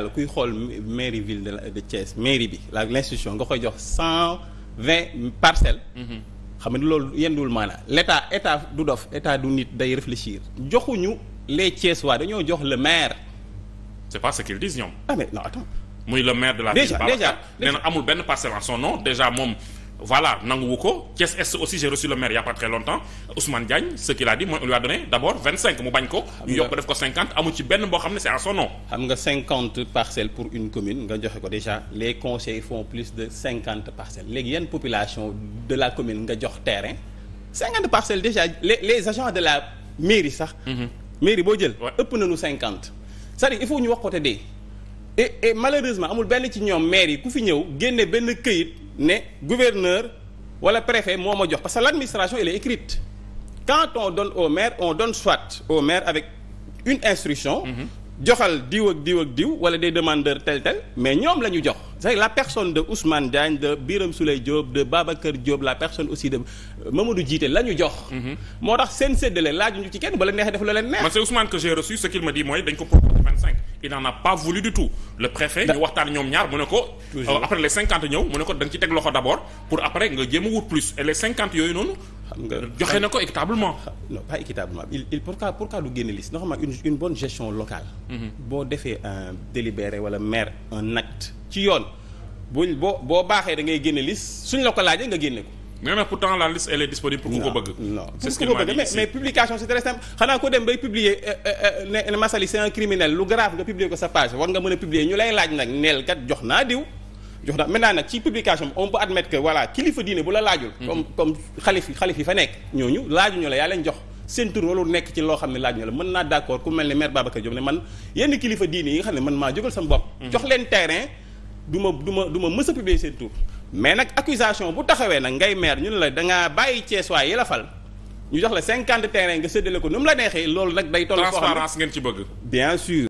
Sénégal kuy xool mairie ville de de Thiès mairie bi la l'institution nga koy jox cent vingt parcelles. Mm-hmm. xam nga loolu yenduwul maanaam l'état état du dof état du nit day réfléchir joxuñu les Thiès waa dañoo jox le maire. c'est pas ce qu'ils disent ñoom. ah non attends. muy le maire de la. déjà déjà nee amul benn parcelle en déjà moom. voilà nanguwu ko Thiès Est aussi j'ai reçu le maire il y a pas très longtemps Ousmane Diagne ce qu'il a mooy on donné d'abord vingt cinq mu bañ ko. ñu yokk ko def ko cinquante amu ci benn boo xam ne c'est à son nom. xam nga cinquante parcelles pour une commune nga joxe ko déjà les conseils font plus de cinquante parcelles léegi yan population de la commune nga jox terrain cinquante parcelle déjà les les agents de la mairie sax. Mhm. mairie boo jël. ëpp nañu cinquante. cest il faut ñu wax ko te dee. et amul benn ci ñoom maire yi ku fi ñëw génne benn këyit. ne gouverneur wala préfet moo ma jox parce que l'administration elle est écrite quand on donne au maire on donne soit au maire avec une instruction mhm. joxal diw ak diw ak diw wala des demandeurs tel tel mais ñoom la ñu jox c'est la personne de Ousmane Diagne de Birame Souleye Diop de Babacar Diop la personne aussi de Mamadou Djité la ñu jox mhm. moo tax seen séddale laaju ñu ci kenn bala neexee def la leen neex man c'est Ousmane que j'ai reçu ce qu'il me mooy dañ ko proposé vingt il n'en a pas voulu du tout le préfet ñu waxtaan ñoom ñaar mu ne ko euh, après les cinquante ñëw mu ne ko da nga ci teg loxo d'abord pour après nga jéem a wut plus et les cinquante yooyu noonu joxe na ko équitablement non pas équitablement il, il pour pourquoi du génne liste normalement une une bonne gestion locale mhm. boo defee un délibéré wala maire un acte ci yoon buñ boo boo baaxee da ngay génne liste suñ la ko laajee nga génne ko nee na pourtant la liste elle est pour ku ko bëgg. c'est ce qu'il m'a dit mais mais publication c'est très simple xanaa ko dem bay publier euh, euh, euh, ne Massaly c'est un criminel lu grave nga publier ko sa page war nga mën a publier ñu lay laaj nag neel jox naa diw. jox naa maintenant nag ci publication bi on peut admettre que voilà kilifa diine bu la laajul. Mhm. comme comme xalif xalif yi fa nekk. ñooñu laajuñu la yaa leen jox. seen tur walu nekk ci loo xam ne laaj na la mën naa d'accord ku mel ne maire Babacar Diop ne man yenn kilifa ne man maa jógal sama bopp. Mhm. jox leen terrain du ma ma du ma mës a seen tur mais nag accusation bu taxawee nag ngay maire ñun la danga bàyyi Cees waay yi la ñu jox la cinquante terrain nga séddale ko nu mu la neexee loolu nag day toll. transparence ngeen ci bëgg. bien sûr.